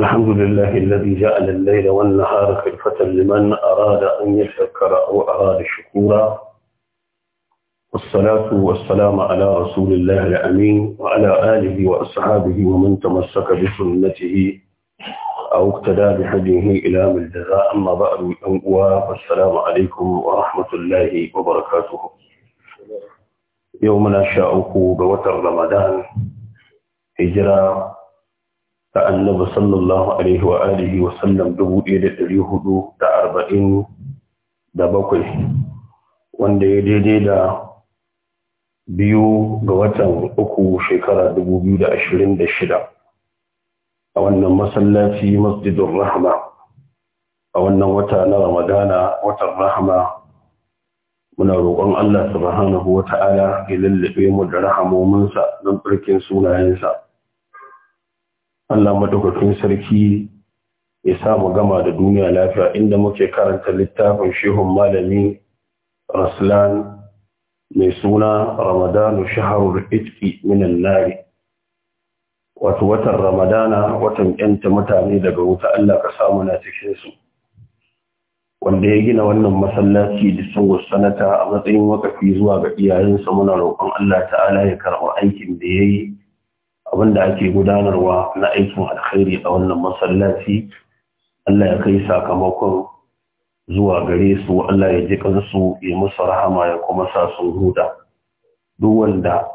الحمد لله الذي جعل الليل والنهار خلفة لمن أراد أن يشكر أو أراد شكورا والصلاة والسلام على رسول الله الأمين وعلى آله وأصحابه ومن تمسك بسنته أو اقتدى بحجه إلى من أما بعد والسلام عليكم ورحمة الله وبركاته يومنا شاء أخوب وتر رمضان هجرة da annabi sallallahu alaihi wa alihi wa sallam da arba'in da bakwai wanda ya daidai da biyu ga watan uku shekara dubu biyu da ashirin da shida a wannan masallaci masjidun rahama a wannan wata na ramadana watan rahama muna roƙon Allah subhanahu wa ta'ala ya lallabe mu da rahamominsa don tsarkin sunayensa Allah madaukakin sarki ya sa mu gama da duniya lafiya inda muke karanta littafin shehun malami Raslan mai suna Ramadanu shaharul itqi minan nari wato watan Ramadana watan yanta mutane daga wuta Allah ka samu na cikin su wanda ya gina wannan masallaci da sungo sanata a matsayin wakafi zuwa ga iyayensa muna roƙon Allah ta'ala ya karɓa aikin da yayi abinda ake gudanarwa na aikin alkhairi a wannan masallaci Allah ya kai sakamakon zuwa gare su Allah ya ji kansu ya musu rahama ya kuma sa su huda duk wanda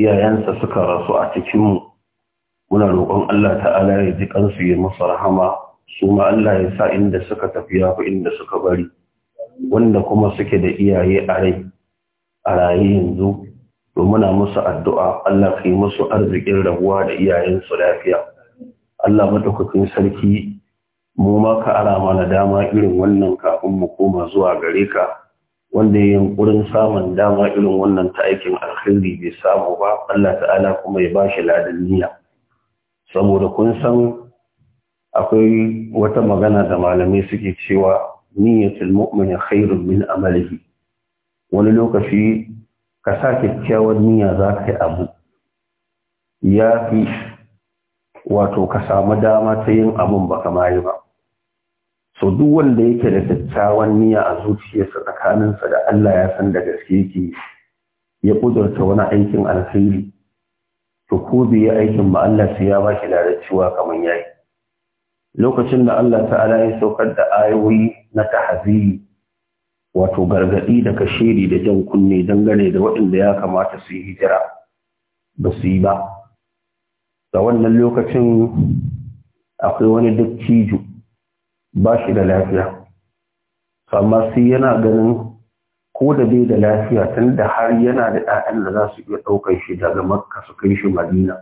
iyayensa suka rasu a cikinmu muna roƙon Allah ta'ala ya ji kansu ya musu rahama su ma Allah ya sa inda suka tafi yafi inda suka bari wanda kuma suke da iyaye a rai a raye yanzu muna musu addu'a Allah ka yi musu arzikin rabuwa da iyayensu lafiya. Allah madaukakin sarki mu ma ka ara mana dama irin wannan kafin mu koma zuwa gare ka wanda ya yunkurin samun dama irin wannan ta aikin alkhairi bai samu ba Allah ta'ala kuma ya bashi shi niyya saboda kun san akwai wata magana da malamai suke cewa niyyatul mu'mini khairun min amalihi wani lokaci ka sa kyakkyawar niyya za ka yi abu ya fi wato ka samu dama ta yin abin ba ka mayu ba so duk wanda yake da kyakkyawan niyya a zuciyarsa tsakaninsa da Allah ya san da gaske yake ya kudurta wani aikin alkhairi to ko bai yi aikin ba Allah sai ya baki lalacewa kamar yayi lokacin da Allah ta'ala ya saukar da ayoyi na tahziri wato gargaɗi da kashedi da jan kunne dangane da waɗanda ya kamata su yi hijira ba su yi ba da wannan lokacin akwai wani dattijo ba shi da lafiya amma sai yana ganin ko da bai da lafiya tun da har yana da ɗa'an da za su iya ɗaukar shi daga makka su kai shi madina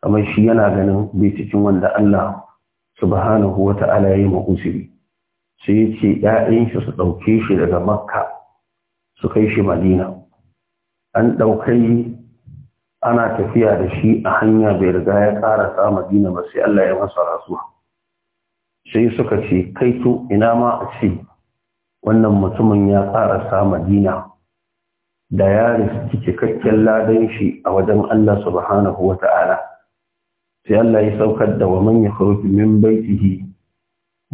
kamar shi yana ganin bai cikin wanda allah subhanahu wa ta'ala ya yi ma'usiri sai ce ‘ya'yan shi su ɗauke shi daga makka su kai shi madina an ɗaukai ana tafiya da shi a hanya bai riga ya ƙarasa madina ba sai Allah ya masa rasuwa sai suka ce kai to ina ma a ce wannan mutumin ya ƙarasa madina da ya riski cikakken ladan shi a wajen Allah subhanahu wa ta'ala sai Allah ya saukar da wa man ya min baitihi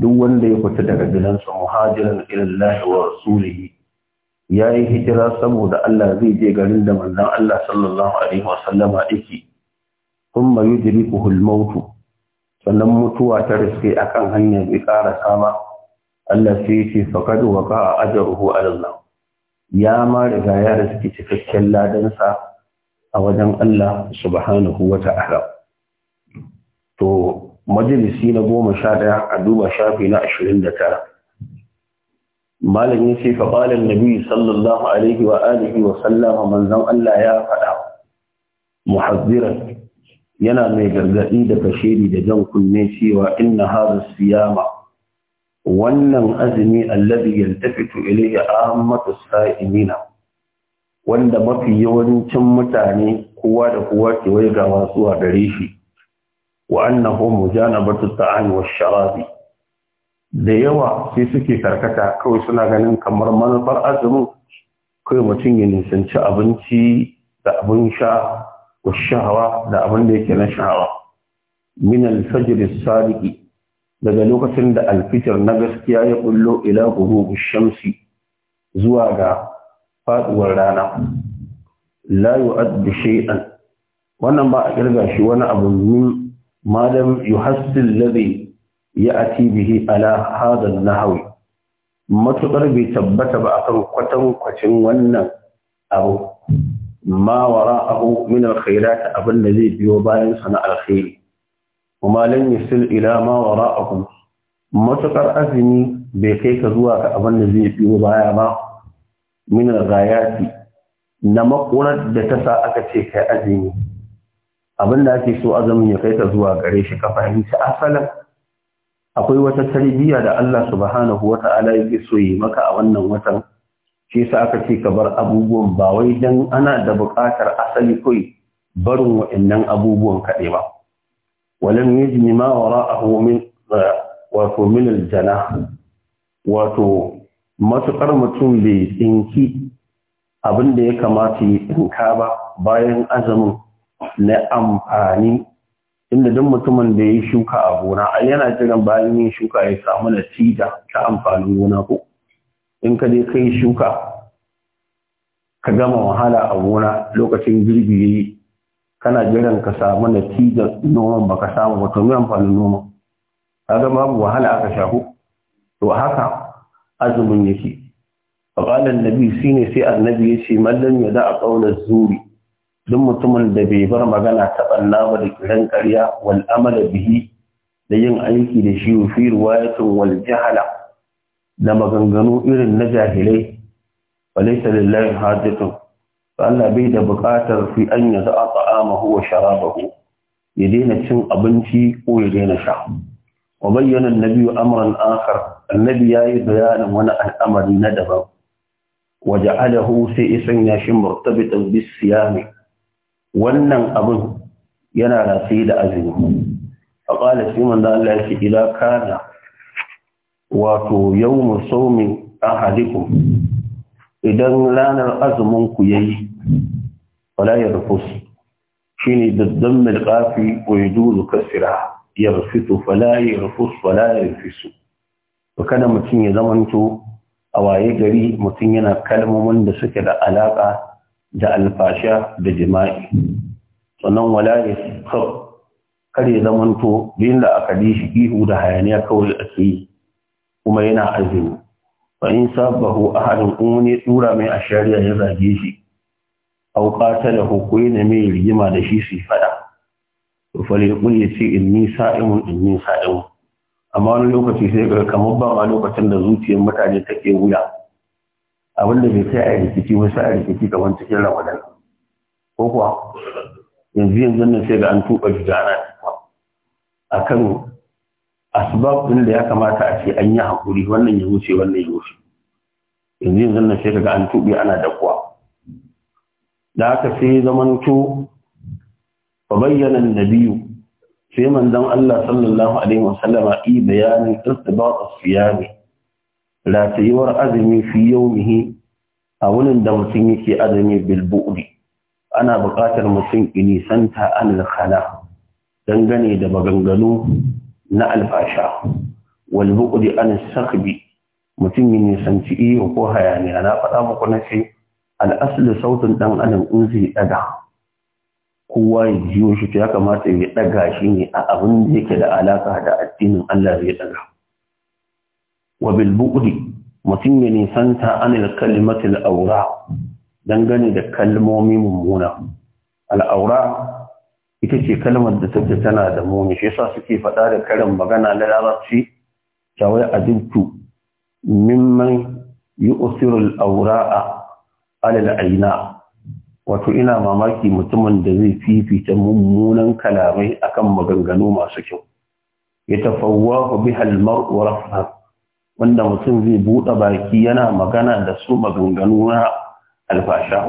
duk wanda ya fita daga gidansa muhajiran ilallahi wa rasulihi ya yi hijira saboda Allah zai je garin da manzon Allah sallallahu alaihi wa sallama yake kuma yudrikuhu al-maut sannan mutuwa ta riske akan hanyar bai ƙara sama Allah sai yake faqad waqa ajruhu ala Allah ya ma riga ya riske cikakken ladansa a wajen Allah subhanahu wa ta'ala to majalisi na goma sha ɗaya a duba shafi na ashirin da tara malamin ce faƙalin nabi sallallahu alaihi wa alihi wa sallama manzon Allah ya faɗa muhazziran yana mai gargaɗi da kashiri da jan kunne cewa inna hadha siyama wannan azumi alladhi yaltafitu ilayhi ahammatu sa'imina wanda mafi yawancin mutane kowa da kowa ke waigawa zuwa gare shi wa annahu mujanabatu ta'am wa sharabi da yawa sai suke karkata kawai suna ganin kamar manufar azumin kai mutum ya nisanci abinci da abin sha wa shahawa da abin da yake na shahawa min al-fajr daga lokacin da alfitar na gaskiya ya bullo ila ghurubi shamsi zuwa ga faduwar rana la yu'addu shay'an wannan ba a kirga shi wani abu min malam yuhassil ya ya'ti bihi ala hadha an-nahwi matukar bai tabbata ba akan kwatan wannan abu ma wara'ahu min al abin da zai biyo bayan sana alkhairi kuma lan ila ma wara'ahu matukar azumi bai kai ka zuwa ga abin da zai biyo baya ba na makurar da ta sa aka ce kai azumi abin da ake so azumin ya kai ta zuwa gare shi ka fahimci asalin akwai wata tarbiyya da Allah subhanahu wata'ala yake so yi maka a wannan watan shi yasa aka ce ka bar abubuwan ba wai dan ana da buƙatar asali kai barin wa'annan abubuwan kaɗai ba walam yajni ma wara'ahu min eh, wato min aljana wato matukar mutum bai tsinki abin da ya kamata ya tsinka ba bayan azumin na amfani inda duk mutumin da ya shuka a gona ai yana jiran bayan yin shuka ya samu natija ta amfanin gona ko in ka je kai shuka ka gama wahala a gona lokacin girbi yayi kana jiran ka samu natijar noman baka samu ba to me amfanin noma kaga babu wahala aka shafu to haka azumin yake qala annabi shine sai annabi yace ya da a qawla zuri duk mutumin da bai bar magana ta ɓanna ba da kiran ƙarya wal amala bihi da yin aiki da shi fi ya wal jahala da maganganu irin na jahilai walaysa lillahi hajjatun fa Allah bai da buƙatar fi an yaza ta'amahu wa sharabahu ya daina cin abinci ko ya daina sha wa bayyana annabi amran akhar annabi yayi bayanin wani al'amari na daban sai ya سيئسا ياشم مرتبطا بالصيام wannan abin yana rasaye da azumi a ƙwale shi manzo Allah yake ila kana wato yawmu sawmi ahadikum idan ranar azumin ku yayi wala yarfus shine daddan milqafi wa yudulu kasira yarfitu fala yarfus fala yarfisu to kada mutum ya zamanto a waye gari mutum yana kalmomin da suke da alaƙa. da alfasha da jima'i sannan wala ya kar kar ya zamanto bin da aka ji shi ihu da hayaniya kawai ake yi kuma yana azumi fa in sabahu ahadun in ya dura mai a shari'a ya zage shi aw qatalahu ko yana mai rigima da shi su fada to fa ya ce inni sa'imun inni sa'imun amma wani lokaci sai ga kamar ba ma lokacin da zuciyar mutane take wuya abin da bai kai a rikici wasu a rikici ga wani cikin ramadan ko kuwa yanzu yanzu nan sai ga an tuba juja ana a kan asbab ɗin da ya kamata a ce an yi haƙuri wannan ya wuce wannan ya wuce yanzu yanzu nan sai ga an tuɓe ana da kuwa. da haka sai zaman to ba bayyana biyu sai manzon Allah sallallahu alaihi wasallama i bayanin irtibat as-siyami latayuwar azumi fi yaumihi a wunin da mutum yake azumi bil ana buƙatar mutum inisanta anil khala dangane da maganganu na alfasha wal an sakbi mutum ya nisanci iyo ko hayaniya na faɗa muku na ce al'asli sautin ɗan adam in zai ɗaga kowa ya jiyo shi ya kamata ya ɗaga shi ne a abin da yake da alaƙa da addinin Allah zai ɗaga wa bu'di mutum ya nisanta anil kalimatil aura dangane da kalmomi mummuna al'aura ita ce kalmar da take tana da muni shi sa suke faɗa da karin magana na larabci shawai ajibtu mimman yi al aura a alal aina wato ina mamaki mutumin da zai fifita mummunan kalamai akan maganganu masu kyau ya tafawwahu biha al-mar'u wanda mutum zai buɗe baki yana magana da su maganganu na alfasha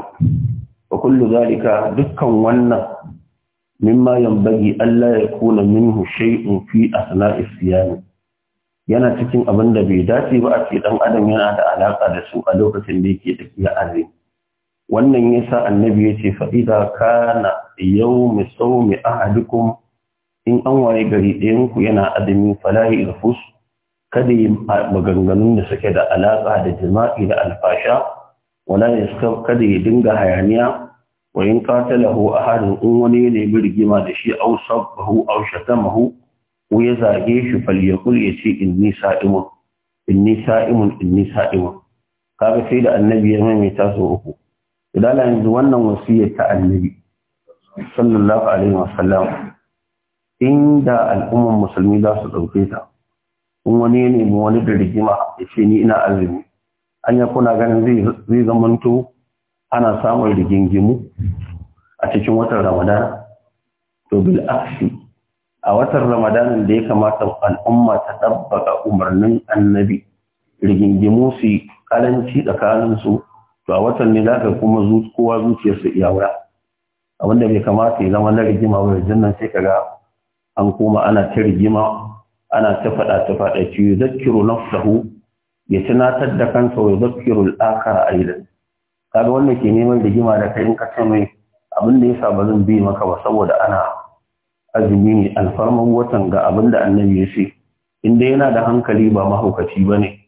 wa kullu zalika dukkan wannan mimma yambagi Allah ya kuna minhu shay'un fi asna'is siyam yana cikin abin da bai dace ba a ce dan adam yana da alaka da su a lokacin da yake tafiya azumi wannan yasa annabi ya ce fa idza kana yawmi sawmi ahadukum in an waye gari ɗayan ku yana azumi fala yafus kada yi maganganun da suke da alaƙa da jima'i da alfasha wala ya kada ya dinga hayaniya wa in a harin in wani ne bi rigima da shi aw sabbahu aw shatamahu ko ya zage shi falyakul yace inni sa'imun inni sa'imun inni sa'imun kaga sai da annabi ya maimaita su uku idan yanzu wannan wasiyar ta annabi sallallahu alaihi wasallam inda al'umman musulmi za su dauke ta in wani ya nemi wani da rigima ya ce ni ina azumi an ya kuna ganin zai zamanto ana samun rigingimu a cikin watan ramadan to bil aksi a watan ramadana da ya kamata al'umma ta tabbaka umarnin annabi rigingimu su yi karanci tsakaninsu to a watan ne za ka kuma kowa zuciyarsa iya wura abinda bai kamata ya zama na rigima wajen nan sai ga an koma ana ta rigima ana ta faɗa ta faɗa ci yuzakkiru nafsahu ya tunatar da kansa wa zakiru al a aidan kaga wannan ke neman rigima da kai in ka ce mai abin da yasa ba zan bi maka ba saboda ana azumi ne alfarman watan ga abin da annabi ya ce inda yana da hankali ba mahaukaci ba ne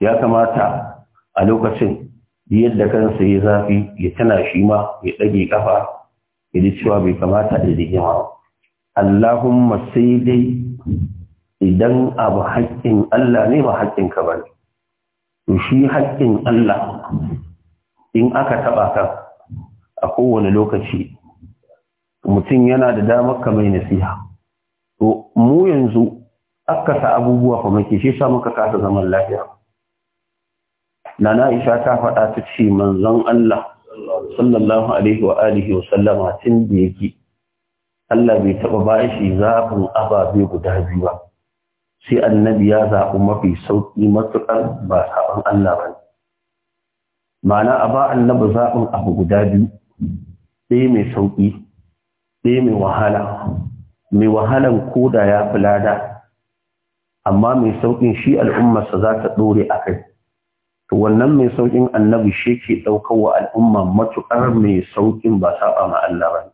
ya kamata a lokacin yadda kansa ya zafi ya tana shi ma ya ɗage kafa ya ji cewa bai kamata da rigima ba Allahumma sai dai idan abu haƙƙin Allah ne ba haƙƙin ka ba to shi haƙƙin Allah in aka taɓa ka a kowane lokaci mutum yana da damar ka mai nasiha to mu yanzu aka sa abubuwa fa muke shi sa muka kasa zaman lafiya nana isha ta faɗa ta ce manzon Allah sallallahu alaihi wa alihi wa sallama tun da yake Allah bai taɓa bashi zafin ababe guda biyu ba sai annabi ya zaɓi mafi sauƙi matuƙar ba saɓon Allah ba ne. Ma'ana a ba annabi zaɓin abu guda biyu, ɗaya mai sauƙi, ɗaya mai wahala, mai wahalan koda ya fi lada, amma mai sauƙin shi al'ummarsa za ta ɗore a kai. To wannan mai sauƙin annabi shi ke ɗaukar wa al'umma matuƙar mai sauƙin ba saɓa ma Allah ba ne.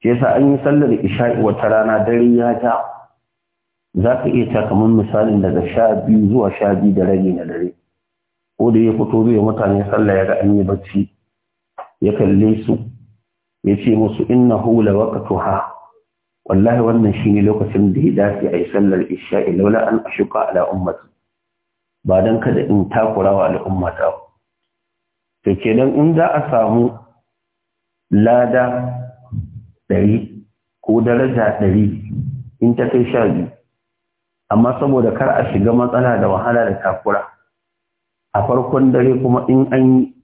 Ke sa an yi sallar isha'i wata rana dare ya ja za ka iya ta kamar misalin daga sha biyu zuwa sha biyu da rage na dare ko da ya fito bai mutane sallah ya ga an yi bacci ya kalle su ya ce musu inna hula waqtuha wallahi wannan shine lokacin da ya dace a yi sallar isha'i laula an ashuka ala ummati ba dan kada in takura wa al'ummata to kenan in za a samu lada ɗari ko daraja ɗari in ta kai sha biyu amma saboda kar a shiga matsala da wahala da takura a farkon dare kuma in an yi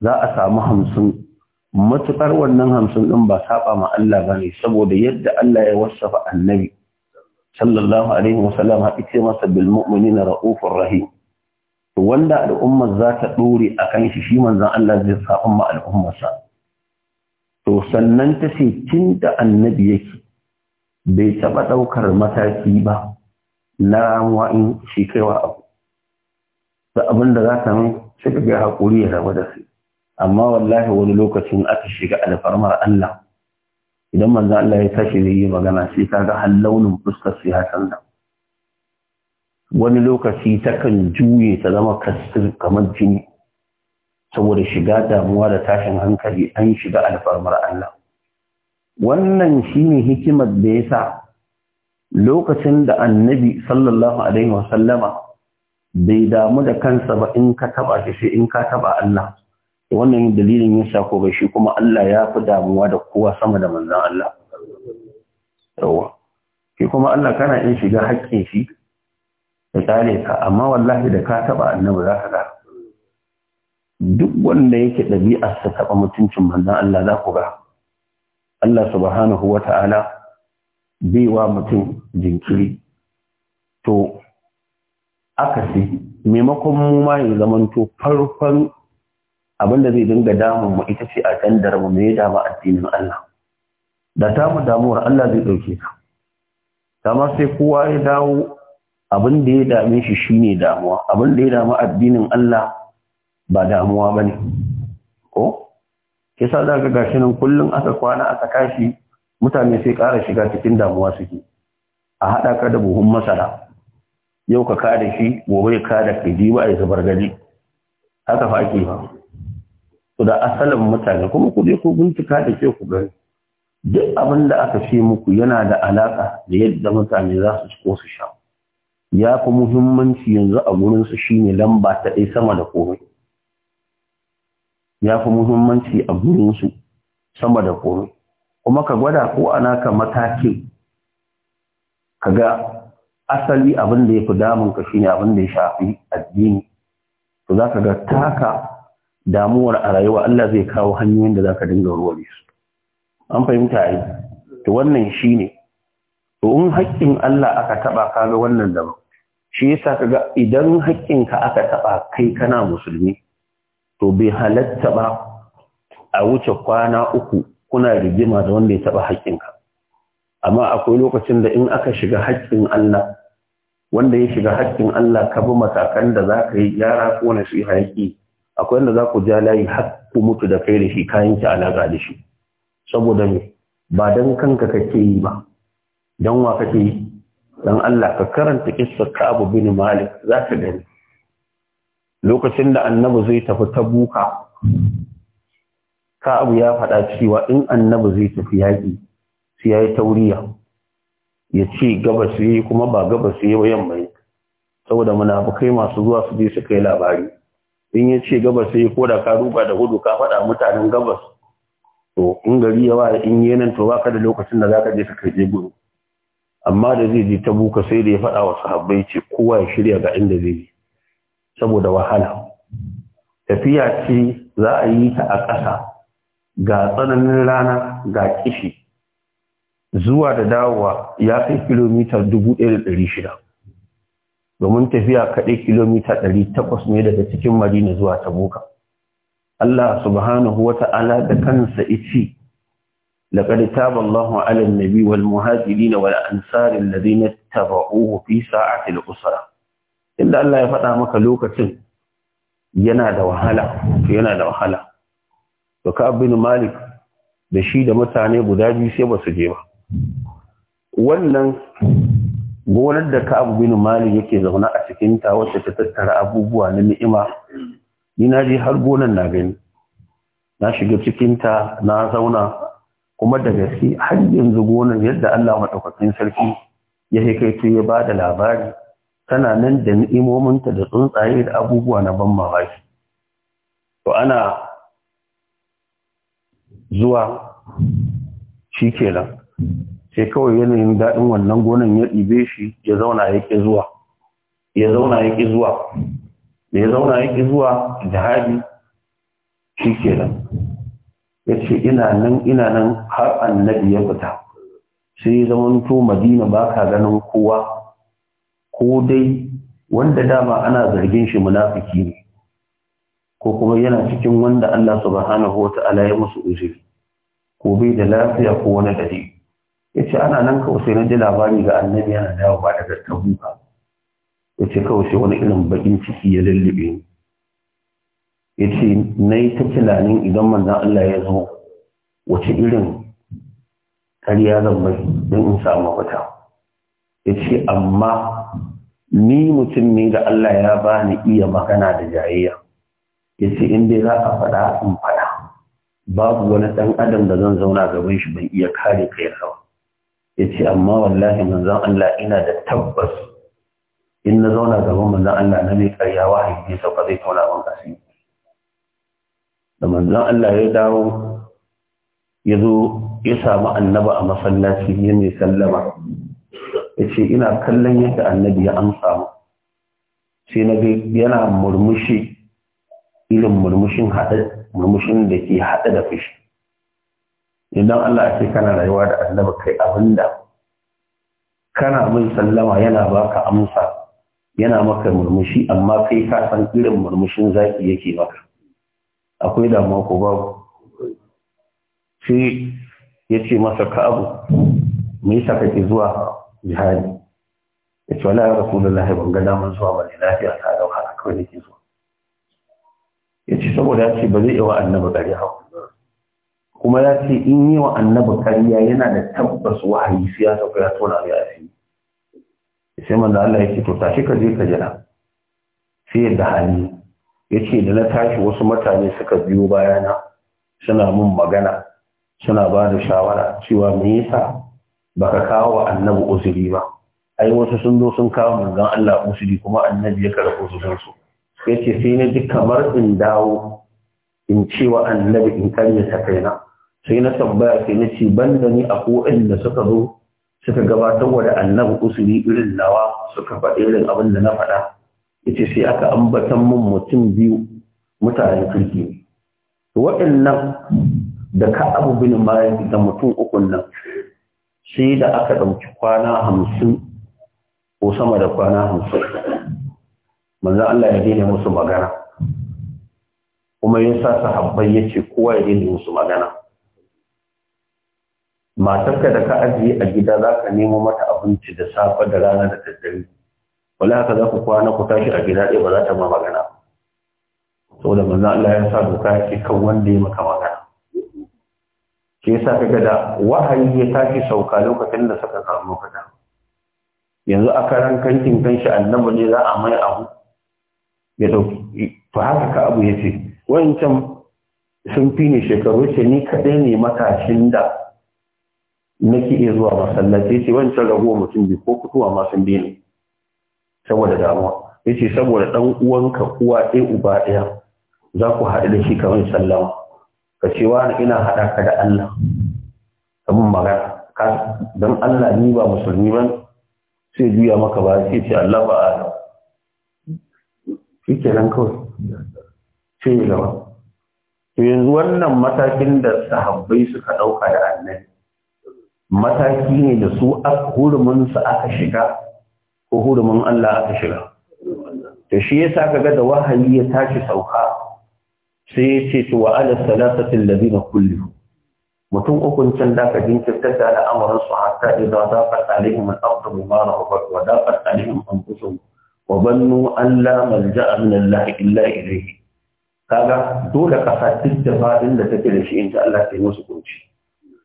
za a samu hamsin matuƙar wannan hamsin ɗin ba saba ma Allah ba ne saboda yadda Allah ya wasafa annabi sallallahu alaihi wasallam haɗi ce masa bil mu'minina ra'ufur rahim wanda al'ummar za ta ɗore a kan shi shi manzan Allah zai safin ma sa. To sannan ta ce tun da annabi yake bai taɓa ɗaukar mataki ba na wa'in shi kaiwa abu da abin da za ta mai sai ga haƙuri ya rabu da su amma wallahi wani lokacin aka shiga alfarmar Allah idan manzo Allah ya tashi zai yi magana sai ka ga launin fuskar su ya canza wani lokaci takan juye ta zama kasir kamar jini saboda shiga damuwa da tashin hankali an shiga alfarmar Allah wannan shine hikimar da ya sa. lokacin da annabi sallallahu alaihi wasallama bai damu da kansa ba in ka taba shi sai in ka taba Allah wannan dalilin ya ko bai shi kuma Allah ya fi damuwa da kowa sama da manzon Allah yawa ki kuma Allah kana in shiga haƙƙin shi da tsare ka amma wallahi da ka taba annabi za ka ga duk wanda yake sa taba mutuncin manzon Allah za ku ga Allah subhanahu wa ta'ala baiwa mutum jinkiri to aka akasi maimakon mu ma ya zamanto farkon abin da zai dinga damun mu ita ce a can da mu me ya dama addinin Allah da ta mu damuwar Allah zai dauke ka kama sai kowa ya dawo abin da ya dame shi shine damuwa abin da ya dama addinin Allah ba damuwa bane ko kisa da ga gashi nan kullun aka kwana aka kashi mutane sai ƙara shiga cikin damuwa suke a haɗa ka da buhun masara yau ka kada shi gobe ka kada ka ji a zubar gari haka fa ake ba to da asalin mutane kuma ku je ku bincika da ke ku gani duk abin da aka ce muku yana da alaka da yadda mutane za su ko su sha ya fi muhimmanci yanzu a su shine lamba ta ɗaya sama da komai ya fi muhimmanci a su sama da komai kuma ka gwada ko a naka matakin ka ga asali abin da ya fi damun ka ne abin da ya shafi addini to za ka ga taka damuwar a rayuwa Allah zai kawo hanyoyin da za ka dinga ruwa su an fahimta yi to wannan shi ne. to in haƙƙin Allah aka taba kaga wannan daban shi yasa ga idan haƙƙinka aka taɓa kai kana musulmi to bai halatta ba a wuce kwana uku kuna rigima da wanda ya taɓa haƙƙinka amma akwai lokacin da in aka shiga haƙƙin Allah wanda ya shiga haƙƙin Allah ka bi matakan da za ka yi gyara ko na shi haƙƙi akwai wanda za ku ja layi har ku mutu da kai da shi kayan ki alaƙa da shi saboda me ba dan kanka kake yi ba dan wa kake yi dan Allah ka karanta kissar abu bin Malik za ka gani lokacin da annabi zai tafi ta buka. abu ya faɗa cewa in annabi zai tafi yaƙi sai ya yi tauriya ya ce gabas kuma ba gabas yi ba yamma yi saboda munafukai masu zuwa su je su kai labari in ya ce gabas yi ko da ka ruba da gudu ka faɗa mutanen gabas to in gari ya yawa in yi nan to baka da lokacin da zaka je ka kai je gudu amma da zai je ta buka sai da ya faɗa wa sahabbai ce kowa ya shirya ga inda zai je saboda wahala tafiya ce za a yi ta a ƙasa ga tsananin rana ga kishi zuwa da dawowa ya kai kilomita 1,600 domin tafiya kaɗai kilomita 800 ne daga cikin madina zuwa tabuka Allah subhanahu wa ta'ala da kansa ici لقد تاب الله على النبي والمهاجرين والأنصار الذين اتبعوه في ساعة الأسرة إلا الله يفتح مك لوكة ينا دا وهلا yana da wahala. da ka bin malik da shi da mutane guda biyu sai ba su je ba wannan gonar da ka bin malik yake zaune a cikin ta wacce ta tattara abubuwa na ni'ima ni na je har gonar na gani na shiga cikin ta na zauna kuma da gaske har yanzu gonar yadda Allah madaukakin sarki ya haikaito ya ba da labari tana nan da ni'imominta da tsuntsaye da abubuwa na ban mamaki to ana zuwa shi nan sai kawai yanayin daɗin wannan gonan ya ɗibe shi ya zauna ya ƙi zuwa ya zauna ya ƙi zuwa da ya zauna ya ƙi zuwa haɗi shi nan ya ce ina nan ina nan har annabi ya fita sai ya to madina ba ka ganin kowa ko dai wanda dama ana zargin shi munafiki ne ko kuma yana cikin wanda Allah subhanahu wa ta'ala ya musu uzuri ko bai da lafiya ko wani dare yace ana nan kawai sai na ji labari ga annabi yana dawo ba daga tabuka yace kawai sai wani irin bakin ciki ya lullube ni yace nayi ta tunanin idan manzon Allah ya zo wace irin karya zan bai dan in samu wata yace amma ni mutum ne da Allah ya bani iya magana da jayayya ya ce in dai za a faɗa in faɗa babu wani ɗan adam da zan zauna gaban shi ban iya kare kai rawa ya ce amma wallahi manzon Allah ina da tabbas in na zauna gaban manzon Allah na mai karya wahayi ne sauka zai tona ban kasi da manzon Allah ya dawo ya ya samu annaba a masallaci ya mai sallama ya ce ina kallon yadda annabi ya amsa mu sai na ga yana murmushi irin murmushin murmushin da ke haɗe da fushi idan Allah ce kana rayuwa da annabi kai abinda kana min sallama yana baka amsa yana maka murmushi amma kai ka san irin murmushin zaki yake maka akwai damuwa ko babu shi yace masa ka abu me yasa kake zuwa jihadi yace ya rasulullahi ban ga daman zuwa ba lafiya ta dauka kawai nake zuwa ya ce saboda ya ce ba zai yi wa annabi ƙarya kuma ya ce in yi wa annabi ƙarya yana da tabbas wahayi sai ya sauka ya tona ya fi sai manzo Allah ya ce to tashi ka je ka jira sai da hali ya ce da na tashi wasu mutane suka biyo bayana suna mun magana suna ba da shawara cewa me yasa baka kawo wa annabi uzuri ba ai wasu sun zo sun kawo manzon Allah uzuri kuma annabi ya karɓi uzurinsu ya ce sai na ji kamar in dawo in ce wa annabi in ta kaina sai na tambaya sai na ce ban da ni a da suka zo suka gabatar wa da annabi usuri irin nawa suka faɗi irin abin da na faɗa ya ce sai aka ambatan min mutum biyu mutane kirki waɗannan da ka abu bin bayan da mutum ukun nan sai da aka ɗauki kwana hamsin ko sama da kwana hamsin manzan Allah ya daina musu magana kuma ya sa sahabbai ya ce kowa ya daina musu magana matarka da ka ajiye a gida za ka nemo mata abinci da safe da rana da daddare wala haka za ku kwana ku tashi a gida ɗaya ba za ta ma magana saboda manzan Allah ya sa doka ya ce kan wanda ya maka magana ke sa ka gada wahayi ya tashi sauka lokacin da suka samu kada yanzu a karan kankin kanshi annabi ne za a mai abu ya dauki to haka ka abu ya ce wancan sun fi ni shekaru ce ni kaɗai ne matashin da nake iya zuwa masallaci ce wancan rago mutum biyu ko kutuwa ma sun bi ne saboda damuwa ya ce saboda ɗan uwanka uwa ɗaya uba ɗaya za ku haɗu da shi kamar sallama ka ce ni ina haɗa ka da Allah kamar magana don Allah ni ba musulmi ba sai juya maka ba sai ce Allah ba a. shikenan kawai sai ya gaba to yanzu wannan matakin da sahabbai suka ɗauka da annabi mataki ne da su hurumin su aka shiga ko hurumin Allah aka shiga to shi yasa kaga da wahayi ya tashi sauka sai ya ce to wa ala salatati alladhina kullu mutum ukun can da ka jinkir da al'amuran su hatta idza daqat alaihim al-ardu bima rahabat wa daqat alaihim anfusuhum wabannu Allah an la malja'a min Allah illa ilayhi kaga dole kasa duk da fadin da take da shi in ta Allah musu kunci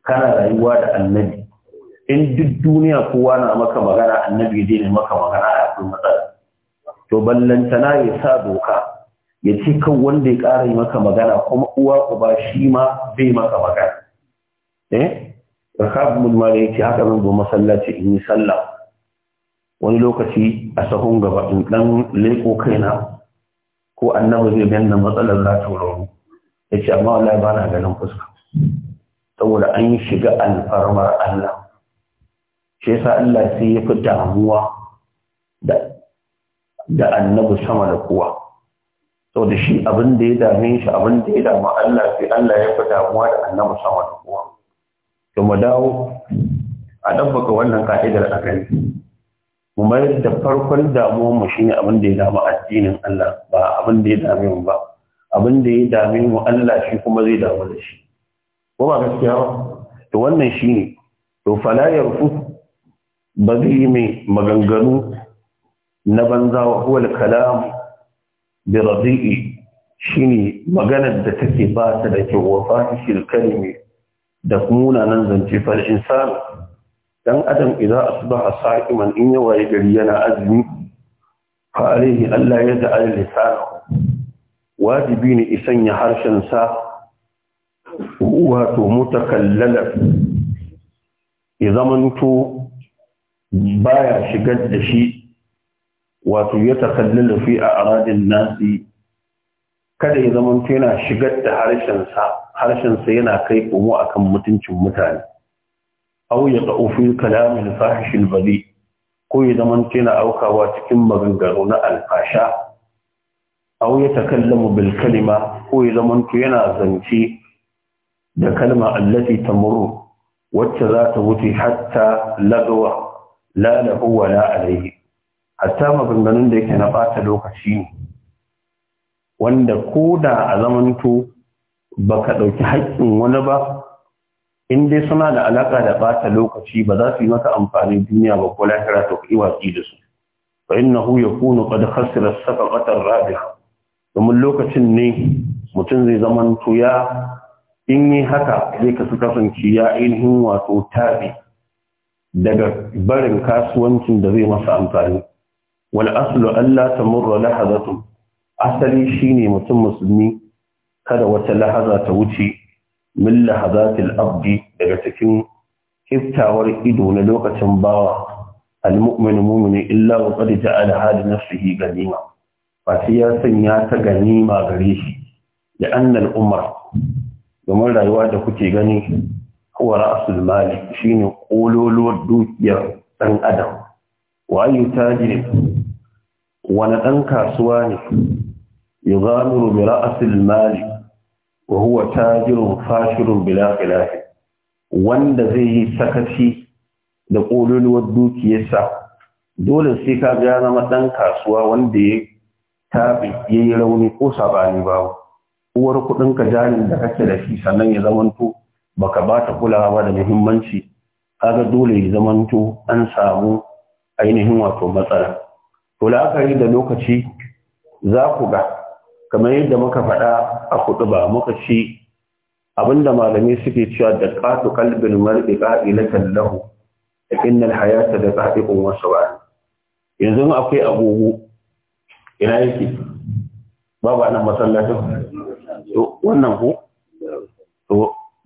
kana rayuwa da annabi in duk duniya kowa na maka magana annabi zai ne maka magana a akwai matsala to ballantana ya sa doka ya ce kan wanda ya ƙara yi maka magana kuma uwa uba shi ma bai maka magana eh rakab mun da yake haka zan zo masallaci in yi sallah wani lokaci a sahun gaba in dan leko kaina ko annabi zai ganna matsalar za ta wuri ya ce amma wallahi ba na ganin fuska saboda an shiga alfarmar Allah shi yasa Allah sai ya fi damuwa da da annabi sama da kowa saboda shi abin da ya dame shi abin da ya dama Allah sai Allah ya fi damuwa da annabi sama da kowa kuma dawo a dabbaka wannan ka'idar a gani mu mayar da farkon damuwar mu shine abin da ya dama addinin Allah ba abin da ya dame mu ba abin da ya dame mu Allah shi kuma zai damu da shi ko ba gaskiya ba to wannan shine to fala yarfu ba zai yi mai maganganu na banza wa huwa kalam bi radi'i shine maganar da take ba ta da kyau wa fahishil kalimi da munanan zance fal insan dan adam idan asbaha sa'iman in ya waye gari yana azumi fa alaihi Allah ya da lisanahu wajibi ne isan ya harshen sa wato mutakallala ya zamanto baya shigar da shi wato ya takallala fi a aradin nasi kada ya zamanto yana shigar da harshen sa harshen sa yana kai komo akan mutuncin mutane aw yaqa'u kalamin kalam al-fahish al yana ko ya aukawa cikin maganganu na alfasha aw ya takallamu bil kalima ko ya yana zance da kalma allati tamurru wacce za ta wuce hatta lagawa la lahu wa la alayhi hatta maganganun da yake na bata lokaci wanda ko da a zamanto baka dauki haƙƙin wani ba in dai suna da alaka da bata lokaci ba za su yi masa amfani duniya ba ko lahira to kai watsi da su fa innahu yakunu qad khasira safaqata rabiha domin lokacin ne mutum zai zaman ya in yi haka zai kasu kasance ya ainihin wato tabi daga barin kasuwancin da zai masa amfani wal aslu alla tamurra lahazatu. asali shine mutum musulmi kada wata lahaza ta wuce min lahazatil abdi daga cikin kiftawar ido na lokacin bawa almu'min mu'mini illa wa qad ja'ala hali nafsihi ganima fa ya sanya ta ganima gare shi da annal umar domin rayuwa da kuke gani huwa ra'sul mali shine kololuwar dukiyar dan adam wa ayu tajir wani dan kasuwa ne yugamiru bi ra'sul mali wa huwa tajirun fashirun bila khilaf wanda zai yi sakaci da kololuwar dukiyarsa dole sai ka ga zama dan kasuwa wanda ya tabi yayi rauni ko sabani ba uwar kudin ka jarin da kake da shi sannan ya zamanto baka ba ta kulawa ba da muhimmanci kaga dole ya zamanto an samu ainihin wato matsala to la'akari da lokaci za ku ga kamar yadda muka faɗa a hudu ba muka ci abinda malami suke cewa da ƙatu kalbin mar'i tallahu da innal hayata da ƙa'iqun wasu ba yanzu akwai agogo ina yake babu nan masallacin to wannan ko to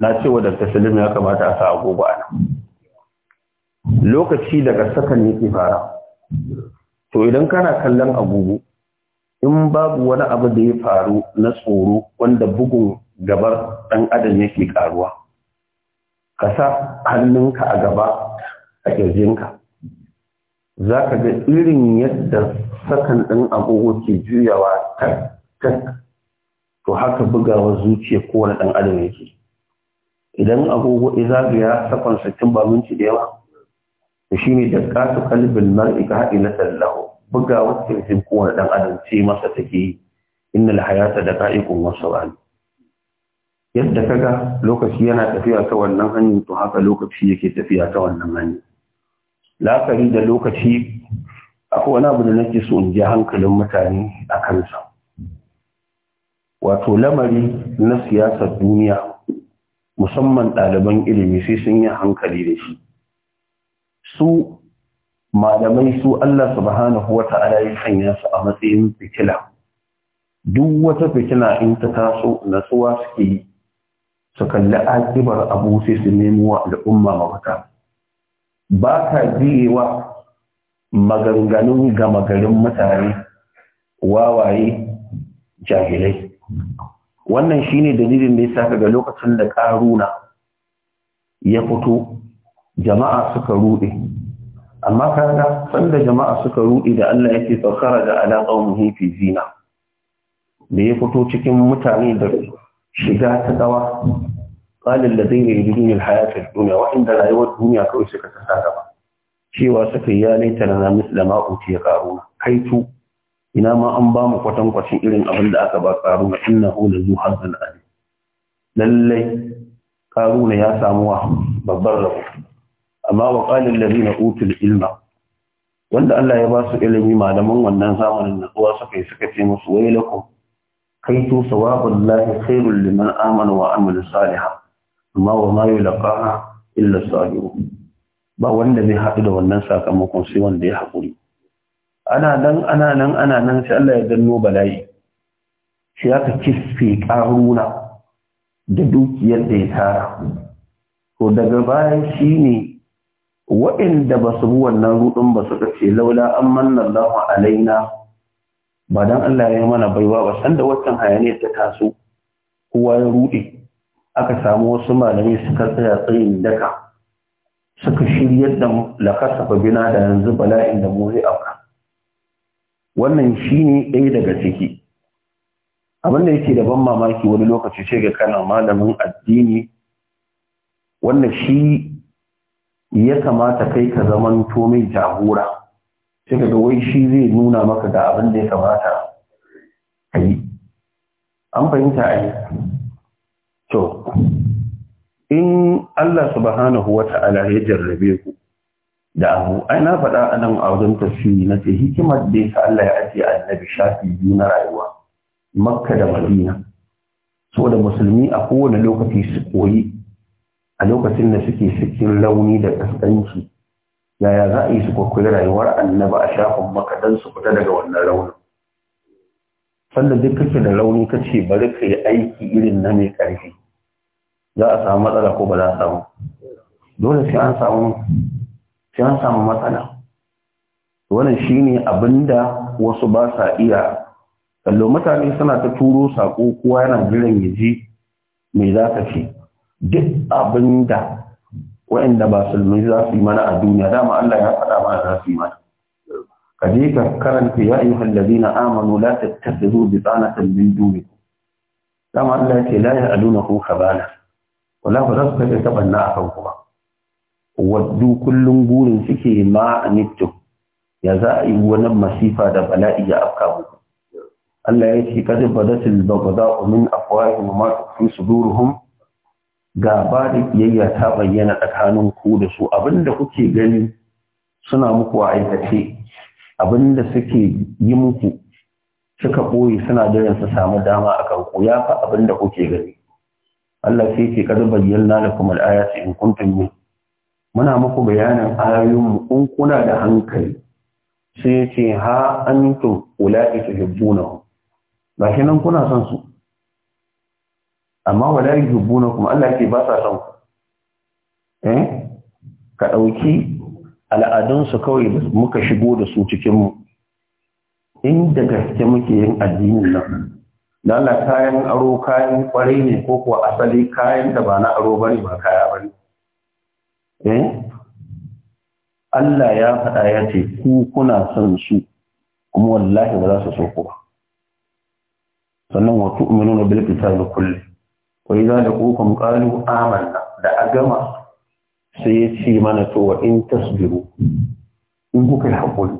na ce wa Dr. Salim ya kamata a sa agogo anan lokaci daga sakan yake fara to idan kana kallon agogo in babu wani abu da ya faru na tsoro wanda bugun gabar ɗan adam yake ƙaruwa ka sa hannunka a gaba a ƙirjinka za ka ga irin yadda sakan ɗan agogo ke juyawa tak tak to haka bugawa zuciya kowane ɗan adam yake idan agogo ya sakon sakin ba minti da yawa to ne da ƙasa kalbin mar'i ka haɗi na buga wata mutum kowane ɗan adam ce masa take yi innal hayata da ka'ikun wasu wani yadda kaga lokaci yana tafiya ta wannan hanyar to haka lokaci yake tafiya ta wannan hanyar la'akari da lokaci akwai wani abu da nake so in ji hankalin mutane a kansa wato lamari na siyasar duniya musamman ɗaliban ilimi sai sun yi hankali da shi su malamai su Allah subhanahu wa ta'ala ya sanya su a matsayin fitila duk wata fitila in ta taso natsuwa suke yi su kalli akibar abu sai su nemo wa al'umma mafaka ba ka jiyewa maganganun gama garin mutane wawaye jahilai wannan shine dalilin da yasa ga lokacin da karuna ya fito jama'a suka rude amma kaga sanda jama'a suka rudi da Allah yake saukara da alaƙa qaumihi fi zina da ya fito cikin mutane da shiga ta dawa qala alladhina yuriduna alhayata ad-dunya wa inda rayuwar duniya kawai suka tsaka gaba cewa suka ya laita na misla da uti ya karu kai tu ina ma an ba mu kwatan irin abin da aka ba karuna innahu la zu hazan ali lallai karuna ya samu babbar rabo amma wa qalil na utul ilma wanda Allah ya ba su ilimi malaman wannan zamanin natsuwa suka yi suka ce musu Kai to sawabul lahi khairul liman amana wa amila Saliha. amma wa ma yulqaha illa sabirun ba wanda zai haɗu da wannan sakamakon sai wanda ya haƙuri ana nan ana nan ana nan sai Allah ya danno bala'i shi aka kisfe ƙaruna da dukiyar da ya tara to daga baya shi ne waɗanda ba su wannan rudin ba su ce laula an manna Allahu alaina ba dan Allah ya mana baiwa ba san da wannan hayani ta taso kowa ya ruɗe aka samu wasu malami suka tsaya tsayin daka suka shiryar da lakasafa bina da yanzu bala'in da mu zai auka wannan shine ɗaya daga ciki abin da yake da ban mamaki wani lokaci ce ga kana malamin addini wannan shi ya kamata kai ka zaman to mai jagora sai ka wai shi zai nuna maka da abin da ya kamata a yi an fahimta a yi to in Allah subhanahu wa ta'ala ya jarrabe ku da abu ai na faɗa a nan a wajen tafiye na ce hikimar da ya Allah ya ajiye annabi shafi biyu na rayuwa makka da madina saboda musulmi a kowane lokaci su koyi a lokacin da suke cikin launi da kaskanci yaya za a yi su kwakwai rayuwar annaba a shafin maka don su fita daga wannan raunin sanda duk kake da rauni ka ce bari ka yi aiki irin na mai ƙarfi za a samu matsala ko ba za a samu dole sai an samu sai an samu matsala wannan shine abinda wasu ba sa iya kallo mutane suna ta turo sako kowa yana jiran yaji. ji me za ka ce duk abin da wa'anda ba musulmi za su yi mana a duniya dama Allah ya faɗa mana za su yi mana ka je ka karanta ya ayyuhal na amanu la bi bitanatan min dunikum dama Allah ya ce la ka khabala wala ba za su kai tabanna a kanku ba waddu kullum burin suke ma anittu ya za a yi wani masifa da bala'i ya afka muku Allah ya ce kada badatul baghdha min afwahihim ma fi sudurihim gaba da ƙiyayya ta bayyana tsakanin ku da su abinda kuke gani suna muku a aikace abinda suke yi muku suka ɓoye suna jiran su samu dama a kanku ya fa abinda kuke gani Allah sai ke kada bayyana da kuma su in kuntum mu muna muku bayanin ayoyin mu kuna da hankali sai ce ha an antum ulai tuhibbunahum shi nan kuna son su amma wala yuhibbuna kuma Allah yake ba sa son eh ka dauki al'adunsu kawai muka shigo da su cikin mu inda gaske muke yin addinin nan da Allah kayan aro kayan kwarai ne ko kuwa asali kayan da ba na aro bane ba kaya bane eh Allah ya faɗa ya ce ku kuna son su kuma wallahi ba za su so ku ba sannan wa tu'minuna bil kitabi kulli wa idza laqukum qalu amanna da agama sai ya ce mana to wa in tasbiru in kuka yi hakuri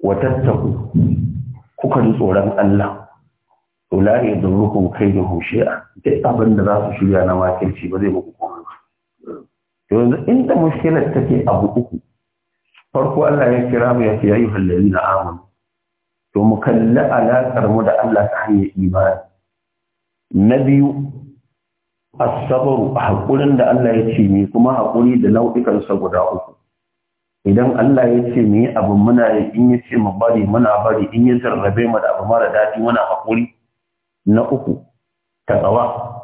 wa tattaku kuka ji tsoron Allah to la yadurrukum kayduhum shay'a duk abin da za su shirya na makirci ba zai muku komai ba to yanzu inda mushkilar take abu uku farko Allah ya kira mu ya ce ayyuhal ladina to mu kalli alaƙar mu da Allah ta hanyar imani na biyu asabaru haƙurin da Allah ya ce mai kuma haƙuri da nau'ikansa guda uku idan Allah ya ce mai abin muna yi in ya ce mu bari muna bari in ya zarrabe mu da abu mara daɗi muna haƙuri na uku ta tsawa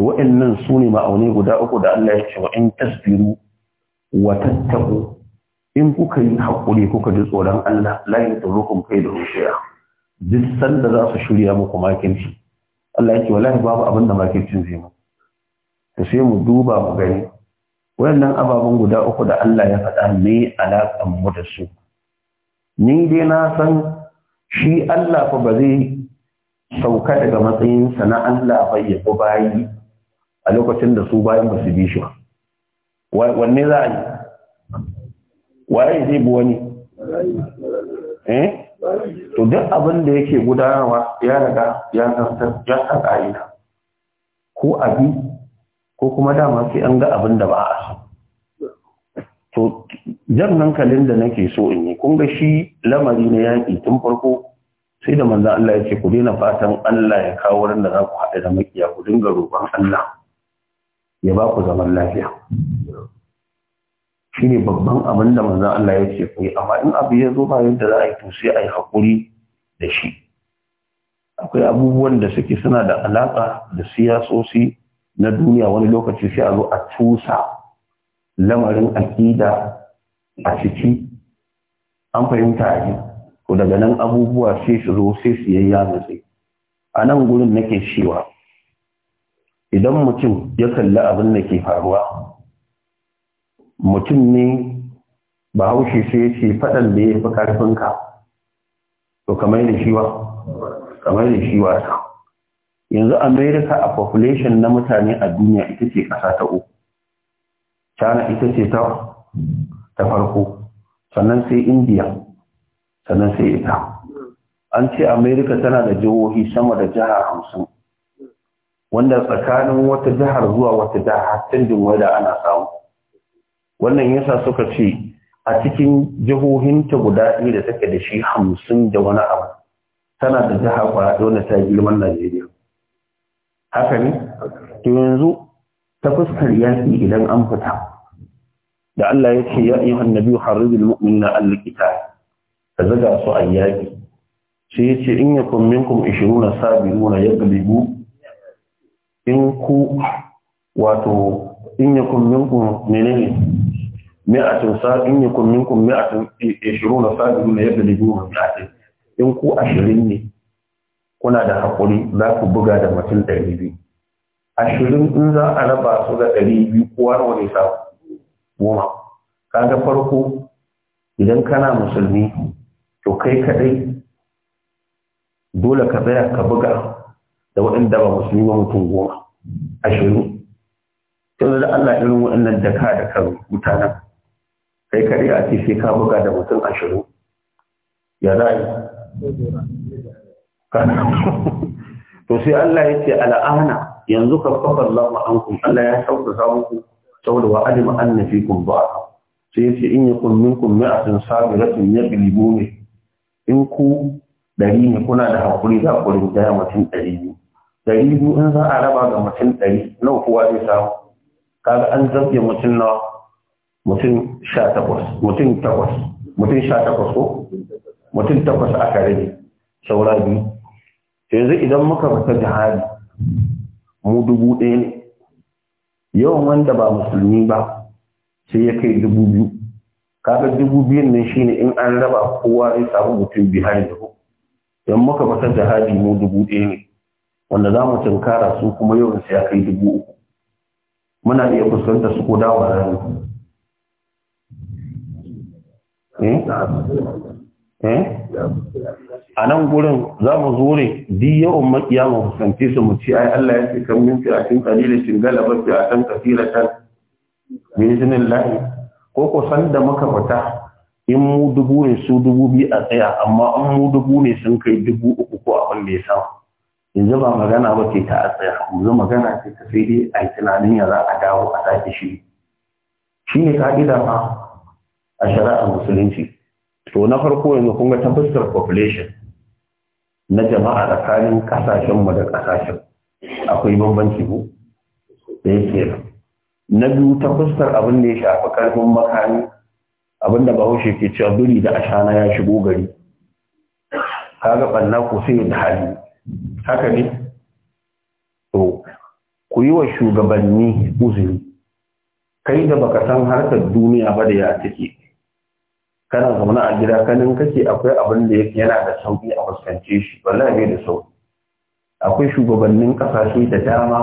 wa'annan su ne ma'aunai guda uku da Allah ya ce wa in tasbiru wa in kuka yi haƙuri kuka ji tsoron Allah la yi tsoron kai da rushiya duk sanda za su shirya muku makinci Allah yake wallahi babu abin da makircin zai mu to sai mu duba mu gani wayannan ababen guda uku da Allah ya faɗa me alaƙan mu da su ni dai na san shi Allah fa ba zai sauka daga matsayin sa na Allah ba ya bayi a lokacin da su bayan ba su bi shi wanne za a yi waye zai bi wani eh to duk abin da yake gudanarwa ya riga ya zartar ya sa ko abi ko kuma dama sai an ga abin da ba a so to jan hankalin da nake so in yi kun ga shi lamari na yaƙi tun farko sai da manzan Allah ya ce ku daina fatan Allah ya kawo wurin da za ku haɗe da makiya ku dinga roƙon Allah ya ba ku zaman lafiya shine babban abin da manzo Allah ya ce kai. amma in abu ya zo ba yadda za a yi to sai a yi hakuri da shi akwai abubuwan da suke suna da alaƙa da siyasosi na duniya wani lokaci sai a zo a tusa lamarin aƙida a ciki an fahimta a yi ko daga nan abubuwa sai su zo sai su yayya matsayi a nan gurin nake cewa idan mutum ya kalli abin da ke faruwa mutum ne bahaushe sai ce faɗan da ya fi ƙarfinka to kamar da shi kamar da shi ta. yanzu america a population na mutane a duniya ita ce ƙasa ta uku china ita ce ta ta farko sannan sai india sannan sai ita an ce america tana da jihohi sama da jiha hamsin wanda tsakanin wata jihar zuwa wata jihar canjin wada ana samu wannan yasa suka ce a cikin jihohinta guda ɗaya da take da shi hamsin da wani abu tana da jiha da wanda ta girman Najeriya. Haka ne? To yanzu ta fuskar yaƙi idan an fita. Da Allah ya ce ya yi hannabi harribin mu'min na allikita ka zaga su a yaƙi. Sai ya ce in ya kun minkum ishiru na sabiru ya in ku wato in ya kun minkum menene mi'atun sa in yakun minkum mi'atun ishiruna sabirun yadlibu mi'atin in ku ashirin ne kuna da haƙuri za ku buga da mutum ɗari biyu ashirin in za a raba su da ɗari biyu kowa nawa ne sa goma kaga farko idan kana musulmi to kai kaɗai dole ka tsaya ka buga da waɗanda ba musulmi ba mutum goma ashirin yanzu da Allah irin waɗannan ka da karo mutanen kai kare a ce sai ka buga da mutum ashirin ya za yi to sai Allah ya ce al'ana yanzu ka kafa Allah ma'ankun Allah ya sauka sa muku saboda wa alima an na kun ba sai ya ce in yi kun minkum mi'atin sabiratin ya bilibu ne in ku ɗari ne kuna da haƙuri za ku rinjaya mutum ɗari biyu ɗari biyu in za a raba ga mutum ɗari nawa kowa zai samu kaga an zaɓe mutum nawa mutum sha takwas mutum takwas ko mutum takwas aka rage saura biyu yanzu idan muka fita jihadi mu dubu ɗaya ne yawan wanda ba musulmi ba sai ya kai dubu biyu kada dubu biyun nan shine in an raba kowa ya samu mutum behind the hook idan muka fita jihadi mu dubu ɗaya ne wanda za mu tunkara su kuma yawan sai ya kai dubu uku muna iya fuskantar su ko dawa ranar Hmm? Hmm? a nan gurin za mu zure duk yawan makiya mu fuskanci su mu ci ai Allah ya ce kan min fi a galabat fi'atan kathiratan min idhnillah ko ko san da muka fita in mu dubu ne su dubu biyu a tsaya amma in mu dubu ne sun kai dubu uku ko abin da ya samu yanzu ba magana ba ke ta tsaya yanzu magana ce ta sai dai a tunanin ya za a dawo a sake shi shi ne ka'ida ma a shari'ar musulunci to na farko yanzu kun ga ta fuskar population na jama'a tsakanin kasashen mu da kasashen akwai bambanci ko da yake na biyu ta fuskar abin da ya shafi karfin makami abin da bahaushe ke cewa biri da ashana ya shigo gari kaga banna ko sai da hali haka ne to ku yi wa shugabanni uzuri kai da baka san harkar duniya ba da ya take kana zaune a gida kanin kake akwai abin da yake yana da sauki a fuskance shi wallahi bai da sauki akwai shugabannin kasashe da dama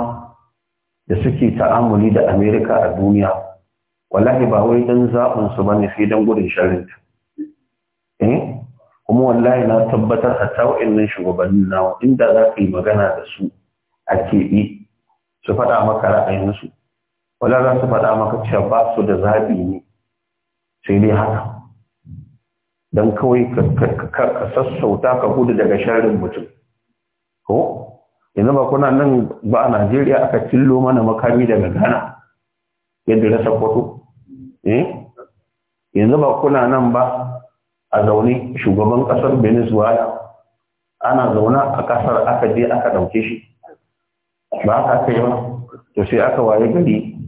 da suke ta'amuli da Amerika a duniya wallahi ba wai dan zaɓin su ne, sai dan gudun sharri eh kuma wallahi na tabbatar a tawa'in nan shugabannin nawa inda za ka yi magana da su a keɓe su faɗa maka ra'ayinsu wala za su faɗa maka cewa ba su da zaɓi ne sai dai haka don kawai ka sassauta ka gudu daga sharin mutum ko yanzu ba kuna nan ba a najeriya aka cillo mana makami daga ghana yadda rasa kwato eh? yanzu ba kuna nan ba a zaune shugaban kasar venezuela ana zaune a kasar aka je aka ɗauke shi ba aka aka yi to sai aka waye gari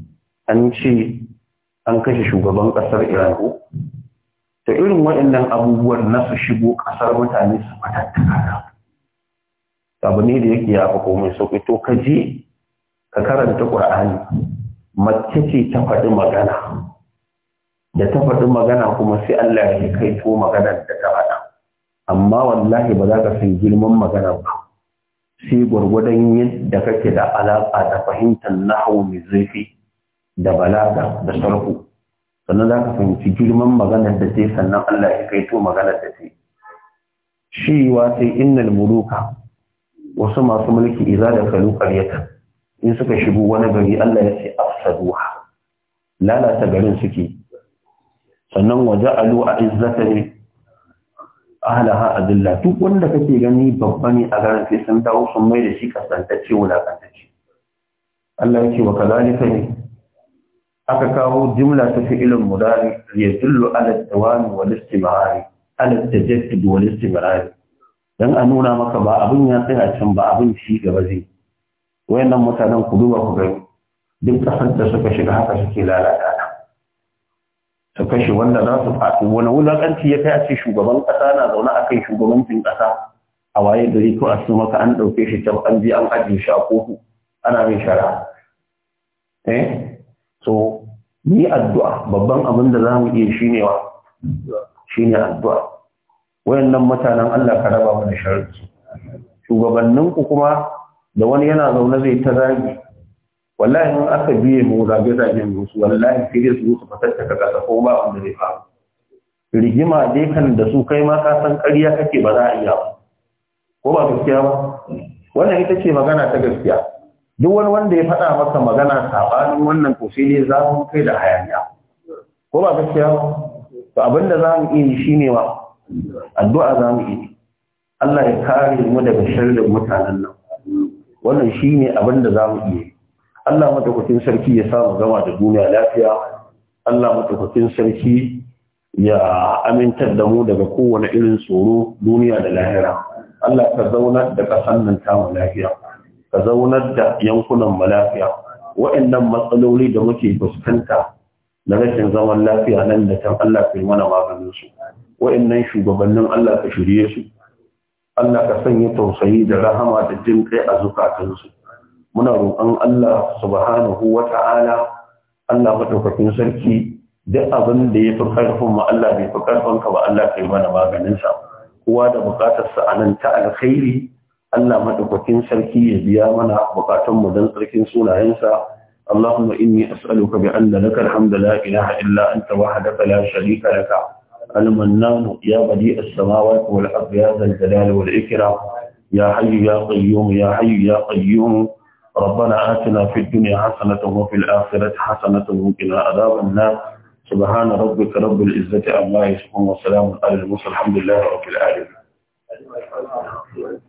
an ce an kashe shugaban kasar iran da irin waɗannan abubuwan na su shigo ƙasar mutane su fatattaka abu ne da yake ya fi komai sauƙi to ka je ka karanta ƙur'ani mace ce ta faɗi magana da ta faɗi magana kuma sai Allah ya kai to maganar da ta faɗa amma wallahi ba za ka san girman magana ba sai gwargwadon yadda kake da alaƙa da fahimtar nahawu mai zurfi da balaga da sarku sannan za ka fahimci girman maganar da sai sannan Allah ya kai to maganar da sai shi wa sai innal muluka wasu masu mulki iza da kalu karyata. in suka shigo wani gari Allah ya ce afsaduha lalata garin suke sannan waje waja'alu a ne? ahlaha adilla duk wanda kake gani babba ne a garin sai sun dawo sun mai da shi kasantacce wulakantacce Allah ya ce wa kazalika ne aka kawo jimla ta ilin mudari ya dullu ala da wal istimrari ala tajaddud wal Don a nuna maka ba abin ya tsaya can ba abin shi gaba zai wayannan mutanen ku duba ku gani duk kasar da suka shiga haka suke lalata ta su kashe wanda za su faɗi wani wulakanci ya kai a ce shugaban ƙasa na zaune a kai shugabancin ƙasa a waye gari ko a su maka an ɗauke shi kyau an bi an ajiye shi a kofu? ana min shara. eh so ni addu'a babban abin da za mu iya shi ne wa shi ne addu'a wayannan mutanen Allah ka raba mana sharri ku kuma da wani yana zaune zai ta zagi wallahi mun aka biye mu zage zage mu su wallahi sai su su fatar ka kasa ko ba wanda zai faru rigima dai kan da su kai ma ka san ƙarya kake ba za a iya ko ba gaskiya ba wannan ita ce magana ta gaskiya duk wani wanda ya faɗa masa magana sabanin wannan ko sai za mu kai da hayaniya ko ba gaskiya to abinda za mu iya shine ba. addu'a za mu yi Allah ya kare mu daga sharrin mutanen nan wannan shine abinda za mu iya Allah madaukakin sarki ya samu zama da duniya lafiya Allah madaukakin sarki ya amintar da mu daga kowane irin tsoro duniya da lahira Allah ka zauna da ƙasar nan tamu lafiya ka zaunar da yankunan mu lafiya wa'annan matsaloli da muke fuskanta na rashin zaman lafiya nan da can Allah ka yi mana maganin su wa'annan shugabannin Allah ka shirye su Allah ka sanya tausayi da rahama da jin kai a zukatansu muna roƙon Allah subhanahu ta'ala. Allah madaukakin sarki duk abin da ya fi ƙarfin mu Allah bai fi ƙarfin ka ba Allah yi mana maganin sa kowa da buƙatar sa anan ta alkhairi Allah madaukakin sarki ya biya mana bukatun mu dan sarkin sunayensa Allahumma inni as'aluka bi anna laka alhamdu la ilaha illa anta wahdaka la sharika laka al-mannan ya badi as-samawati wal ardi ya zal jalali wal ikram ya hayy ya qayyum ya hayy ya qayyum ربنا آتنا في الدنيا حسنة وفي الآخرة حسنة وقنا عذاب النار سبحان ربك رب العزة عما يصفون وسلام على المرسلين الحمد لله رب العالمين